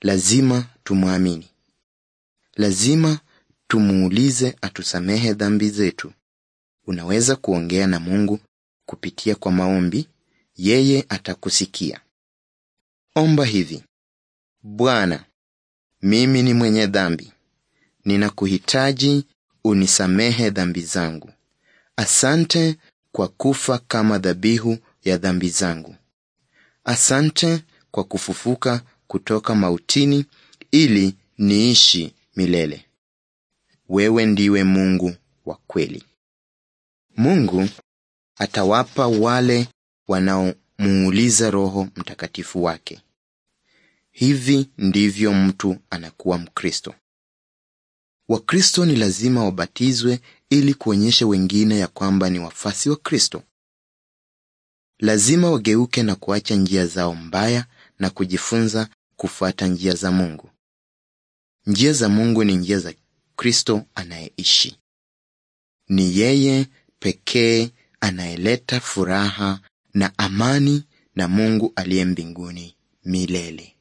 lazima tumwamini. Lazima tumuulize atusamehe dhambi zetu. Unaweza kuongea na Mungu kupitia kwa maombi, yeye atakusikia. Omba hivi: Bwana, mimi ni mwenye dhambi, ninakuhitaji, unisamehe dhambi zangu. Asante kwa kufa kama dhabihu ya dhambi zangu. Asante kwa kufufuka kutoka mautini ili niishi milele. Wewe ndiwe Mungu wa kweli. Mungu atawapa wale wanaomuuliza Roho Mtakatifu wake. Hivi ndivyo mtu anakuwa Mkristo. Wakristo ni lazima wabatizwe ili kuonyesha wengine ya kwamba ni wafasi wa Kristo. Lazima wageuke na kuacha njia zao mbaya na kujifunza kufuata njia za Mungu. Njia za Mungu ni njia za Kristo anayeishi. Ni yeye pekee anayeleta furaha na amani na Mungu aliye mbinguni milele.